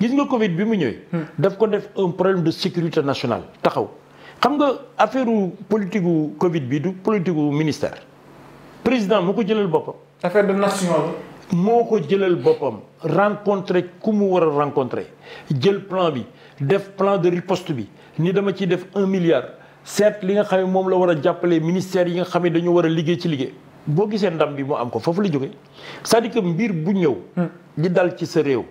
gis nga Covid bi mu ñëwee. Hmm. daf ko def un problème de sécurité nationale taxaw xam nga affaire politique gu Covid bi du politique ministère président moo ko jëlal boppam. affaire de nation moo ko jëlal boppam rencontré ku mu war a rencontre jël plan bi def plan de riposte bi ni dama ciy def un milliard seet li nga xam ne moom la war a jàppale ministère yi nga xam ne dañu war a liggéey ci liggéey. boo gisee ndam bi mu am ko foofu la jóge c'est-à-dire que mbir bu ñëw. Hmm. di dal ci sa réew.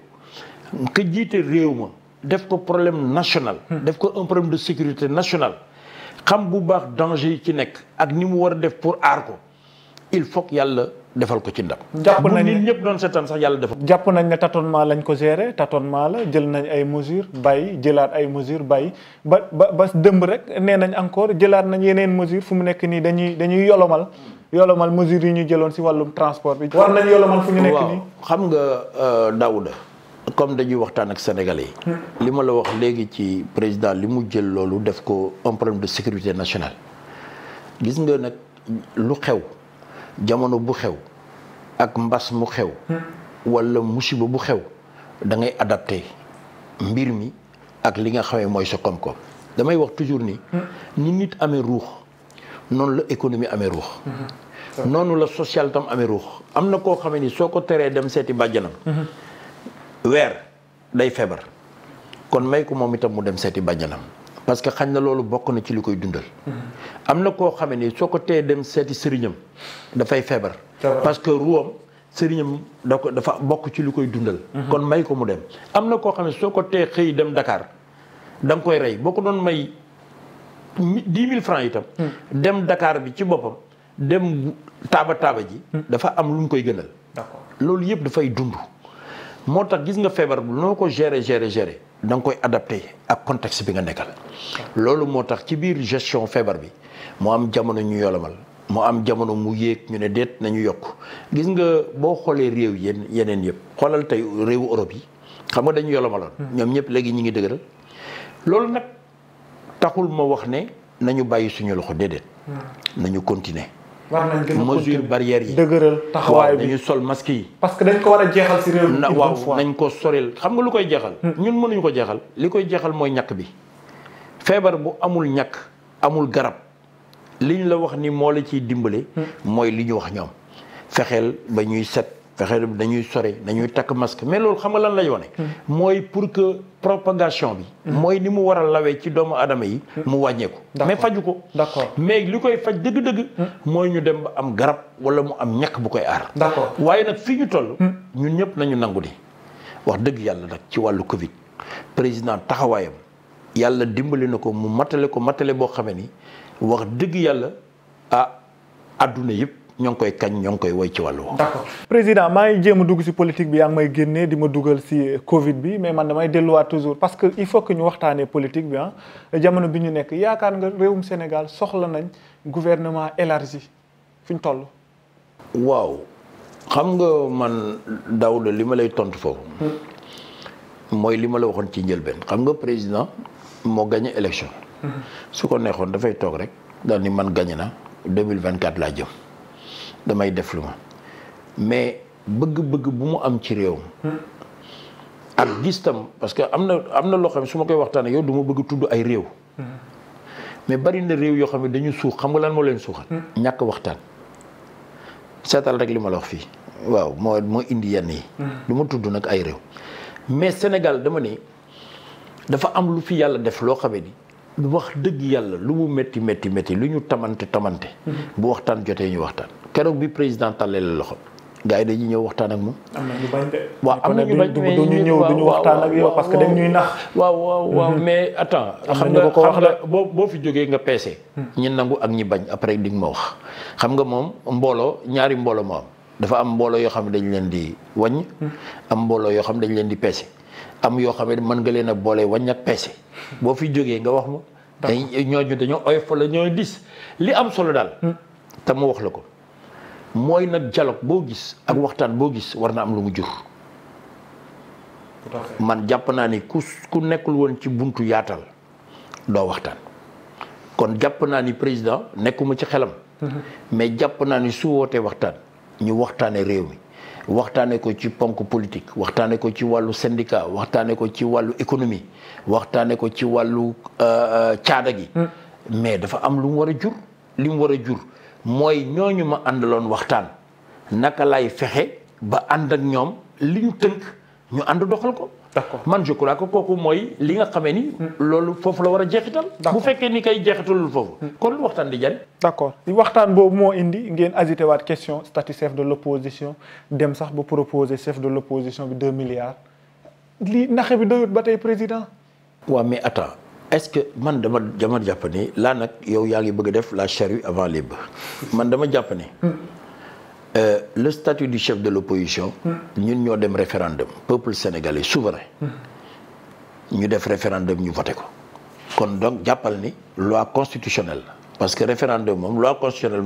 que jiite réew ma def ko problème national. Hmm. def ko un problème de sécurité national xam bu baax danger yi ci nekk ak ni mu war a def pour aar ko il faut yàlla defal ko ci ndam. jàpp nañ ne ñëpp doon seetaan sax yàlla defal jàpp nañ ne tâtonnement lañ ko gérer tâtonnement la jël nañ ay mesures bàyyi jëlaat ay mesures bàyyi ba ba ba dëmb rek nee nañ encore jëlaat nañ yeneen mesures fu mu nekk nii dañuy dañuy yolomal. yolomal mesures yi ñu jëloon si wàllum transport bi. war nañ yolomal fu ñu nekk nii. xam nga euh, Daouda. comme dañuy waxtaan ak sénégalais yi. Hmm. li ma la wax léegi ci président li mu jël loolu def ko un problème de sécurité nationale. gis nga nag lu xew jamono bu xew ak mbas mu xew. Hmm. wala musiba bu xew da ngay adapté mbir mi ak li nga xamee mooy sa koom-koom. damay wax toujours ni. Hmm. ni nit amee ruux noonu la économie amee ruux. noonu la social tam amee ruux am na koo xamee ni soo ko teree dem seeti bàjjanam. weer day feebar kon may ko moom itam mu dem seeti bàjjanam parce que xañ na loolu bokk na ci li koy dundal. am na koo xame ni soo ko tee dem seeti sëriñam dafay feebar. parce que ruwam sëriñam da dafa bokk ci li koy dundal. Mhm. kon may ko mu dem am na koo xam ne soo ko tee xëy dem Dakar danga koy rey boo ko doon may dix mille francs itam. Hmm. dem dakaar bi ci boppam dem taaba taaba ji. Hmm. dafa am lu mu koy gënal. d'accord loolu yëpp dafay dund. moo tax gis nga feebar noo ko gérer gérer gérer da nga koy adapté ak contexte bi nga nekkal. loolu moo tax ci biir gestion feebar bi mu am jamono ñu yolomal mu am jamono mu yéeg ñu ne déet nañu yokk gis nga boo xoolee réew yenn yeneen yëpp xoolal tey réewu Europe yi xam nga dañu yolomaloon. Hmm. ñoom ñëpp léegi ñu ngi dëgëral. loolu nag taxul ma wax ne nañu bàyyi suñu loxo déedéet. Hmm. nañu continuer. war nañ gën mesure barrière yi dëgëral taxawaay bi dañu sol masque yi. parce que dañ ko war a jeexal si réew mi. na waaw nañ ko soril xam nga lu koy jeexal. Hmm. ñun mënuñu ko jeexal. li koy jeexal mooy ñàkk bi feebar bu amul ñakk amul garab li ñu la wax ni moo la ciy dimbale. Hmm. mooy li ñu wax ñoom fexeel ba ñuy set. fexe dañuy sore dañuy takk masque mais loolu xam nga lan lay wone mooy pour que propagation bi. mooy ni mu war a lawee ci doomu aadama yi. mu wàññeeku. mais faju ko. d'accord mais lu koy faj dëgg-dëgg. mooy ñu dem ba am garab wala mu am ñàkk bu koy aar. d'accord waaye nag fii ñu toll. Hmm. ñun ñëpp nañu nangu ni wax dëgg yàlla nag ci wàllu Covid président taxawaayam yàlla dimbali na ko mu matale ko matale boo xamee ni wax dëgg yàlla ah adduna yëpp. ñoo ngi koy kañ ñoo ngi koy woy ci wàllu woowu. président maa ngi jéem a dugg si politique bi yaa ngi may génnee di ma dugal si Covid bi mais man damay delluwaat toujours parce que il faut que ñu waxtaanee politique bi ah jamono bi ñu nekk yaakaar nga réewum Sénégal soxla nañ gouvernement élargi fi ñu toll. waaw xam nga man Daouda li ma lay tontu foofu. Hmm. mooy li ma la waxoon ci njëlbeen xam nga président moo gagné élection. Hmm. su ko neexoon dafay toog rek daal ni man gagné na 2024 laa jëm. damay def lu ma mais bëgg-bëgg bu mu am ci réew hmm. ak gis tam parce que am na am na loo xam ne su ma koy waxtaanee yow du ma bëgg tudd ay réew. Hmm. mais bari na réew yoo xam ne dañu suux xam nga lan moo leen suuxal. Hmm. ñàkk waxtaan. seetal rek li ma la wax fii waaw moo moo indi yenn yi. du ma tudd nag ay réew. mais Sénégal dama ne dafa am lu fi yàlla def loo xam ni wax dëgg yàlla lu mu metti métti métti lu ñu tamante tamante. bu waxtaan jotee ñu waxtaan. keroog bi président tàllee la loxo gars yi dañuy ñëw waxtaan ak moom. am na ñu bañ de. waaw am na ñu bañ mais ñu ñëw duñu waxtaan ak yow parce que dañ ñuy nax. waaw waaw waaw mhm. mais attends. xam nga xam nga boo boo fi jógee nga peese. Hmm. ñi nangu ak ñi bañ après di nga ma wax. xam nga moom mbooloo ñaari mbooloo moo dafa am mbooloo yo xam dañ leen di wàññ. am mbooloo yoo xam dañ hmm. leen di peese. am yoo xam ne nga leen a boole wàññ ak peese. boo fi jógee nga wax ma. d'accord ñooñu dañoo la dis li am solo dal, hmm. te mu wax la ko mooy nag dialogue boo gis ak waxtaan boo gis war na am lu mu jur. man jàpp naa ni ku ku nekkul woon ci buntu yaatal doo waxtaan. kon jàpp naa ni président nekkuma ci xelam. Mm-hmm. mais jàpp naa ni su wootee waxtaan ñu waxtaanee réew mi. waxtaanee ko ci ponk politique waxtaanee ko ci wàllu syndicat waxtaanee ko ci wàllu économie waxtaanee ko ci wàllu euh, euh, caada gi. Mm. mais dafa am lu mu war a jur li mu war a jur. mooy ñooñu ma àndaloon waxtaan naka lay fexe ba ànd ak ñoom liñ tënk ñu ànd doxal ko. d'accord man je crois que kooku mooy li nga xamee ni. Hmm. loolu foofu la war a jeexital. bu fekkee ni kay jeexitalul foofu. Hmm. kon lu waxtaan di jariñ. d'accord waxtaan boobu moo indi ngeen agité waat question statut chef de l'opposition dem sax ba proposer chef de l'opposition bi deux milliards. lii naxe bi doyut ba tey président. waaw mais attends est-ce que man dama dama jàpp là nak yow yaa bëgg def la charrue avant les bœufs man dama euh, le statut du chef de l'opposition ñun ñoo dem référendum peuple sénégalais souverain ñu def référendum ñu voté ko kon donc jappal ni loi constitutionnelle parce que référendum la loi constitutionnelle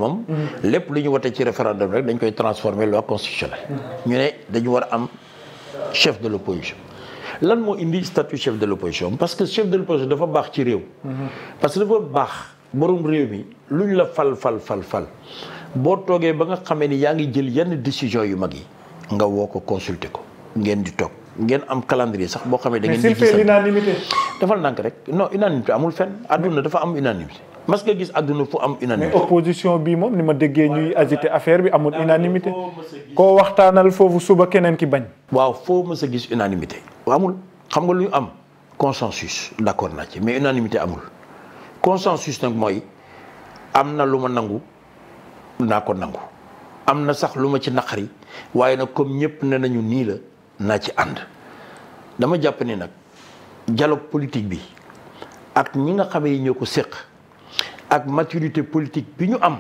les lepp lu ñu voté ci référendum rek dañ koy transformer loi constitutionnelle ñu né dañu war am chef de l'opposition lan mo indi statut chef de l'opposition parce que chef de l'opposition dafa bax ci réew. parce que dafa bax borom réew mi luñ la fal fal fal fal bo togué ba nga xamé ni yaa jël yenn décision yu magi nga woko consulter ko ngén di tok ngén am calendrier sax bo xamé da mais fait l'unanimité. dafal nank rek non unanimité amul fenn aduna dafa am unanimité mas nga gis aduna fu am unanimité. opposition bi mom ni ma déggee ñuy agité affaire bi amul unanimité ko waxtanal fofu suba kenen ki bañ. waaw fo mës gis unanimité. amul xam nga lu ñu am consensus d'accord naa ci mais unanimité amul consensus nag mooy am na lu ma nangu naa ko nangu am na sax lu ma ci naqari waaye nag comme ñëpp ne nañu nii la naa ci ànd dama jàpp ni nag dialogue politique bi ak ñi nga xamee ñoo ko séq ak maturité politique bi ñu am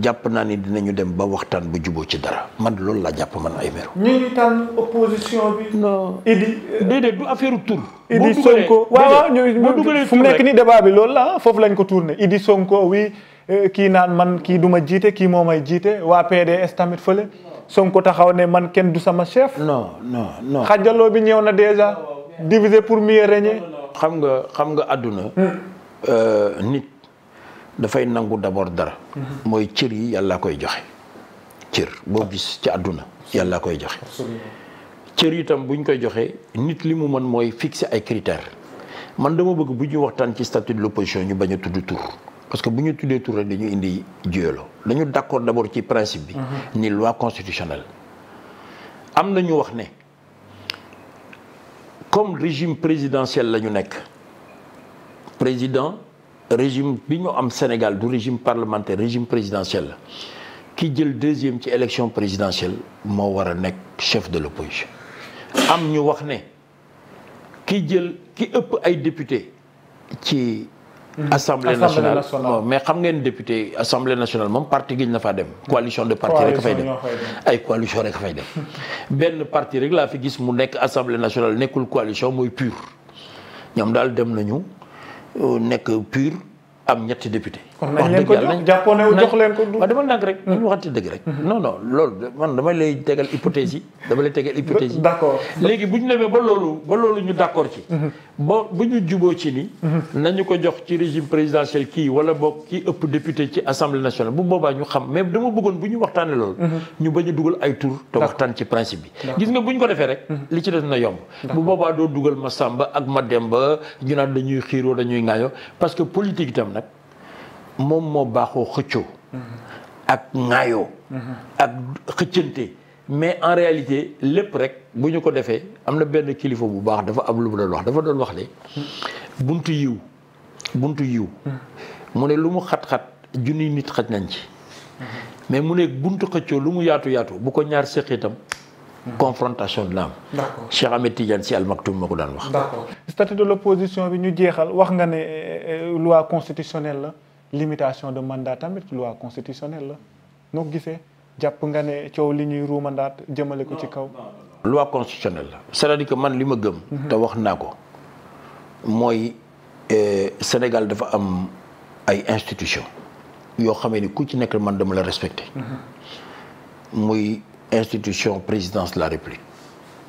japp naa ni dinañu dem ba waxtaan bu juboo ci dara man loolu laa jàpp man ay meru ñi ñu tànn opposition bi non idi déedéet du affaire tour idi sonko waaw waaw fu mu nekk ni débat bi loolu la foofu lañ ko tourné idi sonko oui euh, kii naan man kii duma jiite kii moo may jiite waa pds tamit fële sonko taxaw ne man kenn du sama chef non non non xajaloo bi ñëw na déjà divisé pour mieux régner xam nga xam nga àdduna hmm. euh, nit dafay nangu d'abord dara. Mhm. mooy cër yi yàllaa koy joxe. cër boo gis ci adduna yàllaa koy joxe. cër itam buñ koy joxe nit li mu mën mooy fixe ay critères man dama bëgg bu ñuy waxtaan ci statut de l'opposition ñu bañ a tudd tur. parce que bu ñu tuddee tur rek dañu indi jiyaloo dañu d'accord d'abord ci principe bi. Mhm. ni loi constitutionnelle. am na ñu wax ne comme régime présidentiel lañu nekk président. régime bi ñu am Sénégal du régime parlementaire régime présidentiel qui ki jël deuxième ci élection présidentielle mo wara nek chef de l'opposition am ñu wax né ki jël ki ëpp ay député ci hmm. assemblée nationale mais xam ngeen député assemblée nationale mom parti giñ na fa dem hmm. coalition de partis rek a fay dem ay coalition rek a fay dem parti rek la fi gis mu nek assemblée nationale nekul coalition moy pur ñom dal dem nañu nekk pur am ñetti député. kon nañ leen ko jox ñu waxante dëgg rek. Hmm. non non loolu man dama lay tegal hypothèse yi dama tegal hypothèse yi. d'accord léegi bu ñu demee ci. Hmm. ba bu ñu juboo ci ni. Hmm. nañu ci régime présidentiel kii wala boog kii ëpp député bu boobaa ñu xam mais dama bëggoon bu ñu waxtaanee a dugal ay tur te waxtaan ci principe bi. gis nga bu ñu ko defee rek. li ci des na yomb. bu boobaa doo dugal ma Samba ak ma Demba ñu naan dañuy xiiroo dañuy ŋaayoo parce que politique itam nag mom mo xëccu ak ngaayo ak mais en réalité le rek buñu ko faire? amna kilifa bu baax dafa am lu mu doon wax dafa doon wax buntu yiw buntu yiw mu lu mu mais mu buntu xëccu lu mu yaatu yaatu bu ko ñaar confrontation de l'âme. d'accord Cheikh Ahmed Tidiane si Al Maktoum ma ko statut de l'opposition bi ñu euh, euh, loi constitutionnelle limitation de mandat tamit loi constitutionnelle donc noo japp nga ne ciow li ñuy ruu mandat jëmale ko ci kaw. loi constitutionnelle c'est-à-dire que man lima gëm. Mhm. te wax nako que euh, Sénégal dafa am ay institutions yo xamé ni ku ci nek man dama la respecter. moy mhm. institution présidence de la République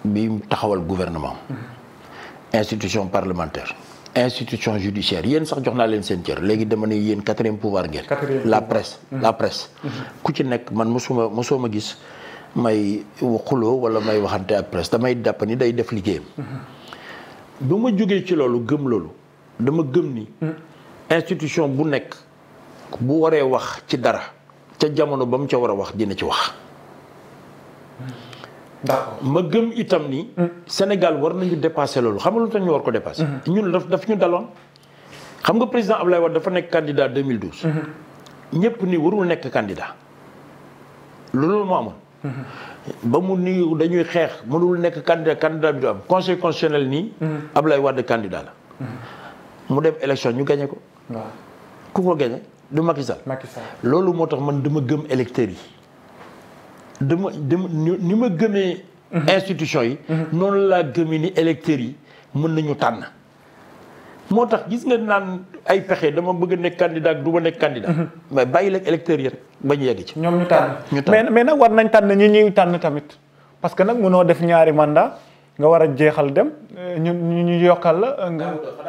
bi taxawal gouvernement. Mhm. institution parlementaire institution judiciaire yeen sax a un journal de dama ne quatrième pouvoir la presse mm. la presse mm-hmm. ku ci nek man musuma mosoo gis may xuloo wala may waxante presse damay suis day def mm-hmm. ci gëm je dama gëm ni mm. institution bu nek bu wax ci dara ca jamono bam ca wax dina ci wax d'accord ma gëm itam nii mm. Sénégal war nañu dépasser loolu xam nga lu tax ñu war ko dépasser. Mm-hmm. ñun daf daf ñu daloon. xam nga président lay Wade dafa nekk candidat 2012. Mm-hmm. ñëpp ni warul nekk candidat. loolu moo amoon. Mm-hmm. ba mu nii dañuy xeex mënul nekk candidat candidat bi du am conseil constitutionnel nii. Ablaye Wade candidat la. mu dem élection ñu gagné ko. waaw ku ko gagné du Macky Sall. loolu moo tax man dama gëm électeurs yi. dama dama ni ma gëmee. Mhm. institution yi. Mhm. noonu laa gëmee ni électeurs yi mën nañu tànn. moo tax gis nga naan ay pexe dama bëgg nekk candidat du ma nekk candidat. Mhm. mais bàyyi leen électeurs yi rek bañ a yegg ci. ñoom ñu tànn ñu tànn mais mais nag war nañ tànn ñi ñuy tànn tamit parce que nag mënoo def ñaari mandat nga war a jeexal dem euh, ñu ñu yokkal la euh, nga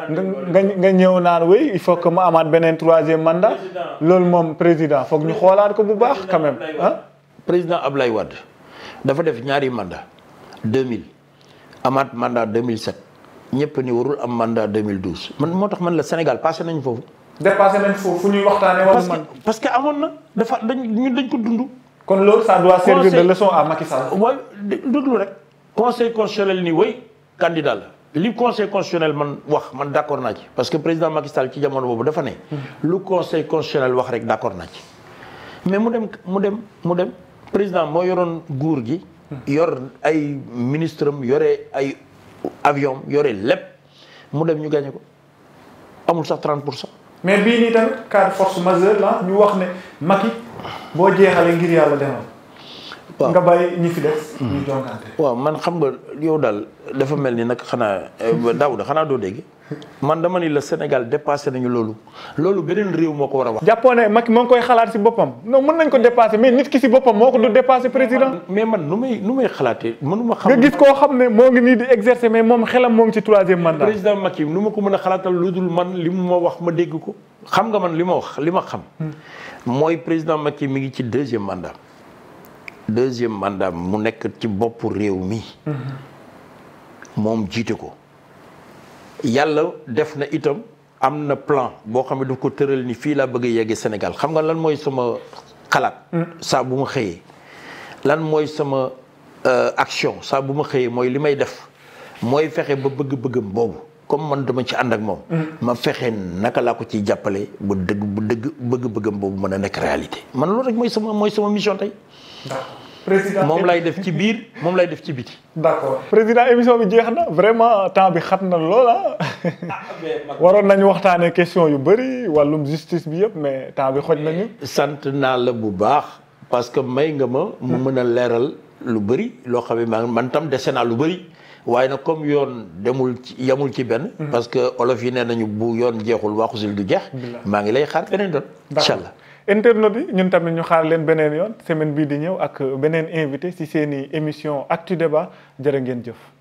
nga nga ñëw naan wéy il faut que mu amaat beneen troisième mandat loolu moom président foog ñu xoolaat ko bu baax quand président ab Ablaye Wade dafa def ñaari mandat 2000 amaat mandat 2007 ñëpp ni warul am mandat 2012 man moo tax man la Sénégal passé nañ foofu. dépassé nañ foofu fu ñuy waxtaanee. parce que parce amoon na dafa dañ ñun dañ ko dund. kon loolu ça doit servir de leçon à Macky Sall. waaw déglu rek. conseil constitutionnel ni way candidat la. li conseil constitutionnel man wax man d' accord naa ci parce que président Macky Sall ci jamono boobu dafa ne. lu conseil constitutionnel wax rek d' accord naa ci mais mu dem mu dem mu dem. président moo yoroon nguur gi. yor ay ministre am yore ay avion yore lépp mu dem ñu gagné ko amul sax 30 pour cent. mais bii nii tamit cas de force majeure la ñu wax ne Macky boo jeexalee ngir yàlla demal. waaw nga bàyyi ñi fi des. Hmm. ñu jonkante waaw man xam nga yow daal dafa mel ni nag xanaa eh, Daouda xanaa doo dégg. man dama ni la Sénégal dépassé nañu loolu loolu beneen réew moo ko war a wax. jàppoo ne Macky maa ngi koy xalaat si boppam non mën nañ ko dépassé mais nit ki si boppam moo ko du dépassé président. mais man nu may nu may xalaatee mënuma xam. nga gis koo xam ne moo ngi nii di exercer mais moom xelam moo ngi ci troisième mandat. président Macky nu ma ko mën a xalaatal lu dul man li mu ma wax ma dégg ko xam nga man li ma wax li ma xam. Hmm. mooy président Macky mi ngi ci deuxième mandat. deuxième mandat mu nekk ci bopp réew mi. Hmm. moom jiite ko. yàlla def na itam am na plan boo xam ne daf ko tëral nii fii laa bëgg a yeggee Sénégal xam nga lan mooy sama xalaat. Mm. saa bu ma xëyee lan mooy sama euh, action saa bu ma xëyee mooy li may def mooy fexe ba bëgg bëgg boobu comme man dama ci ànd ak moom. Mm. ma fexe naka laa ko ciy jàppale bu dëgg bu dëgg bëgg-bëggam boobu mën a nekk réalité man loolu rek mooy sama mooy sama mission tey. président moom lay def ci biir moom lay def ci biti. d'accord président émission bi jeex na vraiment temps bi xat na loola. Ah. Ah, waroon nañu waxtaanee question yu bëri wàllum justice bi yëpp mais temps bi xoj nañu. sant naa la bu baax parce que may nga ma. mu mën a leeral lu bëri loo xam ne man man tam dese naa lu bëri. waaye nag comme yoon demul ci yamul ci benn. Mhm. parce que olof yi ne nañu bu yoon jeexul waxusil du jeex. maa ngi lay xaar beneen doon. internet nous ñun tamit ñu xaar leen benen yoon semaine di ak émission Actu Débat jëf